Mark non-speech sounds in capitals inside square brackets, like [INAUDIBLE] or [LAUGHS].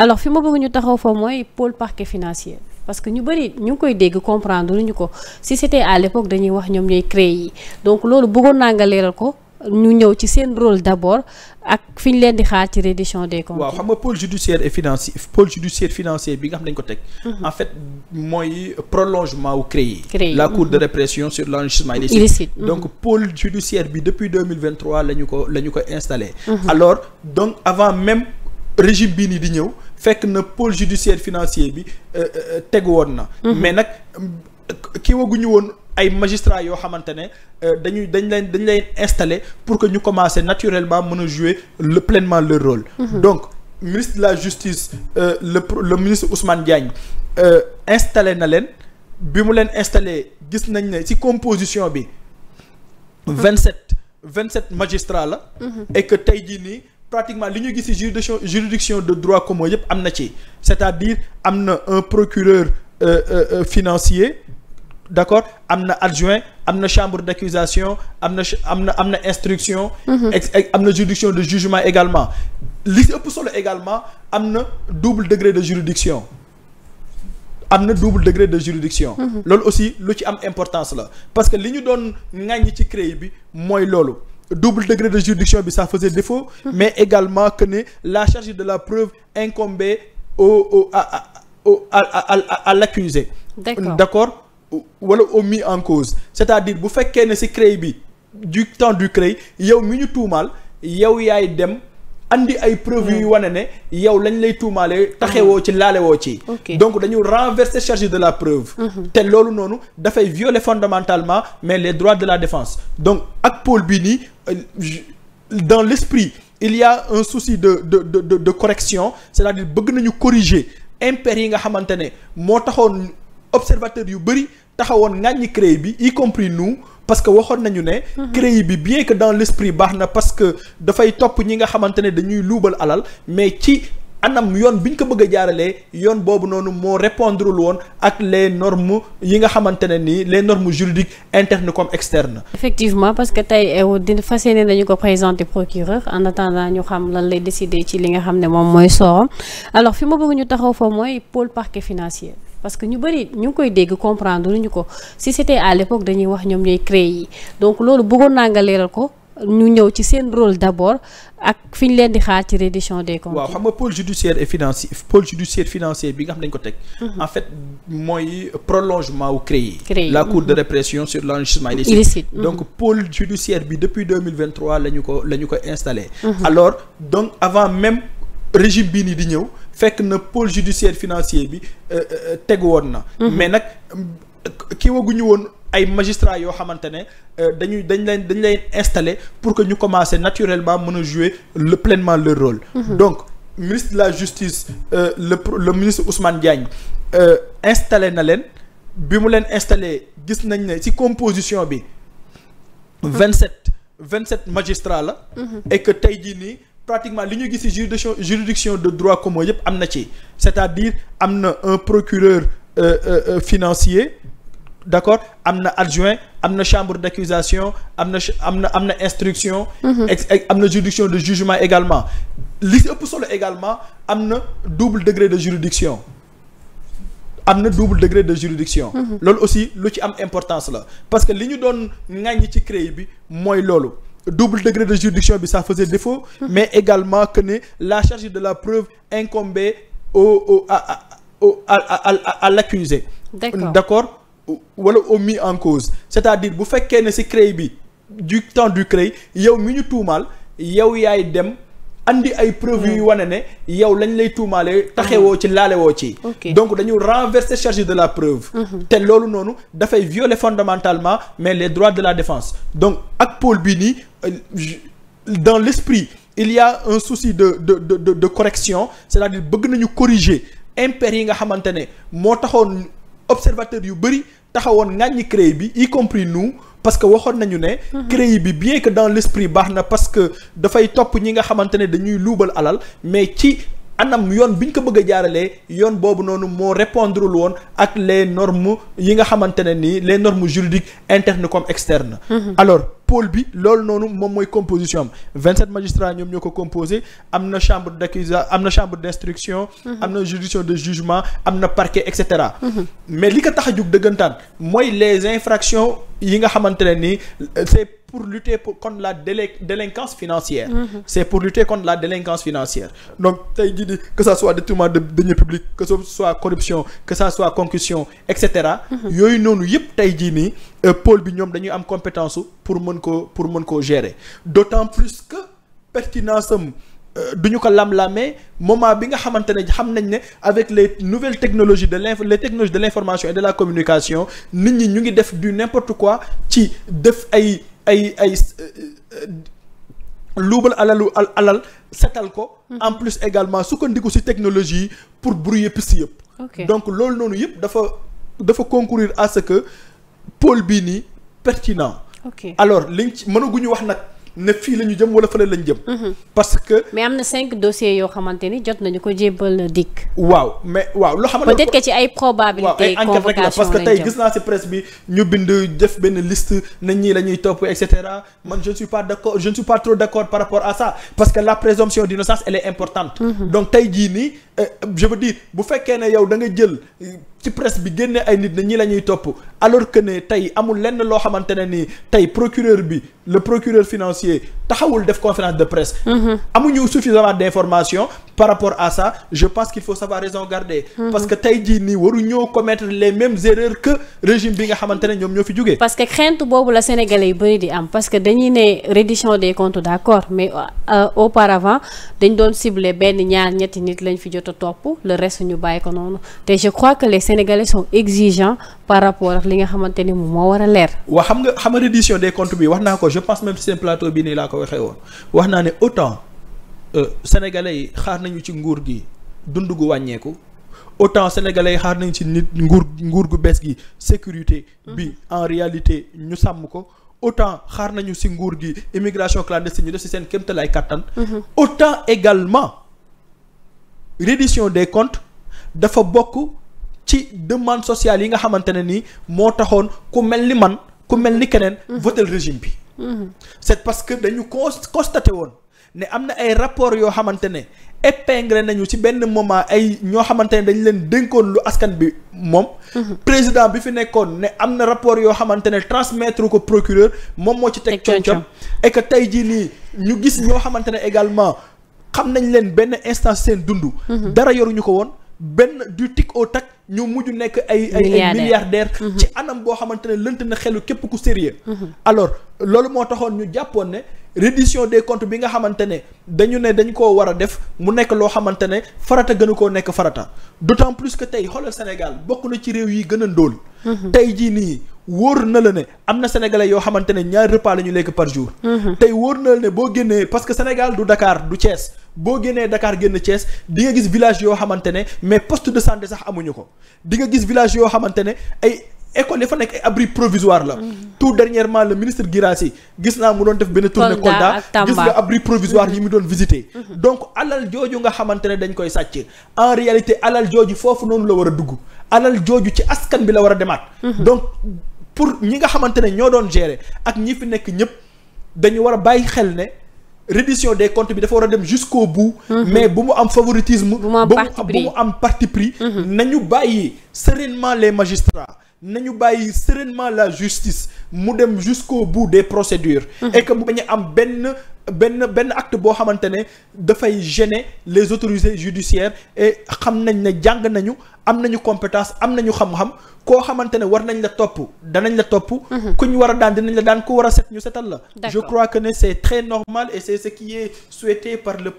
alors fi ma bëgg ñu taxaw fa mooy pôle parquet financier parce que ñu bëri ñu ngi koy dégg comprendre ñu ko si c'était à l'époque dañuy wax ñoom ñooy créé yi donc loolu bëggoon naa nga leeral ko ñu ñëw ci seen rôle d'abord ak fi ñu leen di xaar ci reddition des comptes. waaw xam nga pôle judiciaire et financier pôle judiciaire financier bi nga xam dañ ko teg. Mhm. en fait mooy prolongement wu CREI yi. la cour de mhm. répression sur l'enrichissement illicite. Mhm. donc pôle judiciaire bi depuis 2023 la ñu ko la ñu ko installé. alors donc avant même régime bii nii di ñëw. fekk na pôle judiciaire financier bi euh, euh, euh, tegu woon na. Mhm. mais nag kiiwaguñu woon ay magistrats yoo xamante ne dañuy dañ leen dañ leen installé pour que ñu commencé naturellement mën a jouer le pleinement leur role mhm. donc ministre de la justice le le ministre Ousmane Diagne installé na leen bi mu leen installé gis nañ ne ci composition bi. 27 mhm. 27 magistrats la. et que tey jii nii. pratiquement li ñu gis ci juridiction de droit commun yëpp am na ci c'est-à-dire am na un procureur euh, euh, euh, financier d'accord am na adjoint am na chambre d'accusation am na am na am na instruction mm-hmm. am na juridiction de jugement également li ci ëpp solo également am na double degré de juridiction am na double degré de juridiction mm-hmm. loolu aussi lu ci am importance la parce que li ñu doon ŋàññ ci CREI bi mooy loolu double degré de juridiction bi sax faisait défaut [LAUGHS] mais également que ne la charge de la preuve incombait au au à au à à à l'accusé d'accord wala au mis en cause c'est-à-dire bu fekkee ne ci CREI bi du temps du CREI yow mi ñu tuumaal yow yaay dem andi ay preuve yu mm. wane ne yow lañ lay tuumaale taxewoo ci laalewoo ci donc dañu renverser charge de la preuve mm-hmm. te loolu noonu dafay violer fondamentalement mais les droits de la défense donc ak pôle bi nii euh, dans l'esprit il y un souci de de de de, de correction c'est-à-dire bëgg nañu corriger impair yi nga xamante ne moo taxoon observateur yu bëri taxawoon ŋàññi CREI bi y compris nous parce que waxoon nañu ne. CREI bi bien que dans l' esprit baax na parce que dafay topp ñi nga xamante ne dañuy luubal alal mais ci. anam yoon bi ñu ko bëgg a jaaralee yoon boobu noonu moo répondre woon ak les norme yi nga xamante ne nii les normes juridiques internes comme externes. effectivement parce que tey euh, dina fas yéene nañu ko présenter procureur en attendant ñu xam lan lay décider ci li nga xam ne moom mooy sorom alors fi ma bëgg ñu taxaw fa mooy pôle parquet financier. parce que ñu bëri ñu ngi koy dégg comprendre lu ñu ko si c'était à l'époque dañuy wax ñoom ñooy créer yi donc loolu bëggoon naa nga leeral ko ñu ñëw ci seen rôle d'abord ak fi ñu leen di xaar ci reddition des comptes. waaw xam nga pôle judiciaire et financier pôle judiciaire financier bi nga xam dañ ko teg. Mhm. en fait mooy prolongement wu CREI. CREI la cour de mhm. répression sur l'enrichissement illicite. Mhm. donc pôle judiciaire bi depuis deux mille vingt la ñu ko la ñu ko installé. alors donc avant même régime bii nii di ñëw. fekk na pôle judiciaire financier bi euh, euh, euh, tegu woon na. Mhm. mais nag kiiwaguñu woon ay magistrats yoo xamante ne dañuy dañ leen dañ leen installer pour que ñu commencer naturellement mën a jouer le pleinement leur rôle. Mhm. donc ministre de la justice le le ministre Ousmane Diagne installé na leen bi mu leen installé gis nañ ne ci composition bi. Mhm. vingt 27 magistrats la. et que tey jii nii. pratiquement li ñu gis ci juridiction de droit commun yëpp am na ci c'est-à-dire am na un procureur euh, euh, euh, financier d'accord am na adjoint am na chambre d'accusation am na am na am na instruction mm-hmm. am na juridiction de jugement également li ëpp solo également am na double degré de juridiction am na double degré de juridiction mm-hmm. loolu aussi lu ci am importance la parce que li ñu doon ŋàññi ci CREI bi mooy loolu double degré de juridiction bi ça faisait défaut mm-hmm. mais également que ne la charge de la preuve incombait au au à au à à à, à l'accusé d'accord wala au mis en cause c'est-à-dire bu fekkee ne ci CREI bi du temps du CREI yow mi ñu tuumaal yow yaay dem andi ay preuve yuy hmm. wane ne yow lañ lay tuumaale taxewoo ci laalewoo ci donc dañu renverser charge de la preuve hmm. te loolu noonu dafay violer fondamentalement mais les droits de la défense donc ak pôle bii nii euh, dans l'esprit il y un souci de de de de, de correction c'est-à-dire bëgg nañu corriger impair yi nga xamante ne moo taxoon observateur yu bëri taxawoon ŋàññi CREI bi y compris nous parce que waxoon nañu ne. Mhm. CREI bi bien que dans l'esprit baax na parce que dafay topp ñi nga xamante ne dañuy luubal alal mais ci. anam yoon bi ñu ko bëgg a jaaralee yoon boobu noonu moo répondre lu woon ak les normes yi nga xamante ne nii les normes juridiques internes comme externes. Mhm. alors pôle bi loolu noonu moom mooy composition am 27 magistrats ñoom ñoo ko composé am na chambre d'accusation am na chambre d'instruction. Mhm. am na juridiction de jugement am na parquet et mhm. mais li ko tax a jug dëggantaan mooy les infractions yi nga xamante nii euh, c'est pour lutter pour contre la délé délinquance financière. Mm -hmm. c'est pour lutter contre la délinquance financière. donc tey jii que ça soit détournement de deniers publics que ce soit corruption que ça soit concussion et cetera. Mm-hmm. yooyu noonu yëpp tey jii nii euh, pôle bi ñoom dañuy am compétence pour mën ko pour mën koo gérer d'autant plus que pertinence am. Euh, du ñu ko lam-lamee moment bi nga xamante ne xam nañ ne avec les nouvelles technologies de l'info les technologies de l'information et de la communication nit ñi ñu ngi def du n'importe quoi ci def ay ay euh, euh, luubal alalu alal setal ko. Hmm. en plus également sukkandiku ci technologie yi pour brouiller piste yëpp. donc loolu noonu yëpp dafa dafa concourir à que pôle bii nii pertinent. alors liñ ci mënaguñu wax nag. ne fii la ñu jëm wala fële la ñu jëm. Mhm. parce que. mais am na cinq dossiers yoo xamante ni jot nañu ko jébbal dikk. waaw mais waaw loo xam ne peut-être que ci ay probabilité ay enquête rek la parce que tey gis naa si presse bi ñu bind jëf benn list na ñii la topp et cetera man je ne suis pas d'accord je ne suis pas trop d'accord par rapport à ça parce que la présomption d'innocence elle est importante. Mhm. donc tey jii nii euh, je veux dire bu fekkee ne yow da nga jël. ci presse bi génnee ay nit ne ñi la ñuy topp alors que ne tey amul lenn loo xamante ne ni tey procureur bi le procureur financier taxawul def conférence de presse. Mm-hmm. amuñu suffisamment d'information par rapport à ça je pense qu'il faut savoir raison garder. Mhm. parce que tey jii nii waru ñoo commettre les mêmes erreurs que régime bi nga xamante ne ñoom ñoo fi jógee. parce que crainte boobu la sénégalais yu bëri di am parce que dañuy ne reddition des comptes d'accord mais euh, auparavant dañ doon cibler benn ñaar ñetti nit lañ fi jot a topp le reste ñu bàyyi ko noonu te je crois que les sénégalais sont exigeants par rapport ak li nga xamante ni moom moo war a leer. waaw xam xam nga reddition des comptes bi wax naa ko je pense bi nii laa ko woon wax naa ne autant. Euh, sénégalais yi xaar nañu ci nguur gi dund gu wàññeeku autant sénégalais yi xaar nañu ci nit nguur nguur gu bees gi sécurité bi mm-hmm. en réalité ñu sàmm ko autant xaar nañu ci nguur gi immigration clandestine ñu def ci seen kéemtalaay kàttan mm-hmm. autant également reddition des comptes dafa bokk ci demande sociale yi nga xamante ne nii moo taxoon ku mel ni man ku mel ni keneen mm-hmm. voter régime bi c'est parce que dañu constaté woon ne am na ay rapport yoo xamante ne épinglé nañu ci benn moment ay ñoo xamante ne dañ leen dénkoon lu askan bi moom mhm. président bi fi nekkoon ne am na rapport yoo xamante ne transmettre ko procureur moom moo ci teg concom et que tey jii nii ñu gis ñoo xamante ne également xam nañ leen benn instance seen dund mhm. dara yoruñu ko woon benn du tic au tac ñu mujj nekk ay ay milliardaire mm-hmm. ci anam boo xamante ne lënt na xelu képp ku sérieux mm-hmm. alors loolu moo taxoon ñu jàppoon ne reddition de comptes bi nga xamante ne dañu ne dañ ko war def mu nekk loo xamante ne farata gënu koo nekk farata d'autant plus que tey xoolal Sénégal bokk na ci réew yi gën a ndóol mm-hmm. tey jii nii wóor na la ne am na sénégalais yoo xamante ne ñaari repas la ñu lekk par tey wóor na la ne boo génnee parce que Sénégal du Dakar du Thiès boo génnee Dakar génn Thiès di nga gis village yoo xamante ne mais poste de santé sax amuñu ko dinga gis village yoo xamante ne ay école yi fa nekk ay abri provisoire la. Mm-hmm. tout dernièrement le ministre Guirassy gis naa mu doon def benn tournée Kolda gis nga abri provisoire mm-hmm. yi mu doon visiter. Mm-hmm. donc alal jooju nga xamante ne dañ koy sàcc en réalité alal jooju foofu noonu la war a dugg alal jooju ci askan bi la war a demaat. donc pour ñi nga xamante ne ñoo doon gérer ak ñi nekk ñëpp dañu war a bàyyi xel ne. reddition des comptes bi dafa war a dem jusqu'au bout mhm. mais bu mu am favoritisme bu mu am parti mhm. na ñu bàyyi sereinement les magistrats nañu bàyyi sereinement la justice mu dem jusqu'au bout de procédures mhm. et que mu bañ a am benn benn benn acte boo xamante ne dafay gêner les autorités judiciaires et xam nañ ne jàng nañu am nañu compétence am nañu xam-xam koo xamante ne war nañ la topp danañ la topp mhm. ku ñu war a daan dinañ la daan ku war a set ñu setal la je crois que ne c'est très normal et c'est ce qui est souhaité par le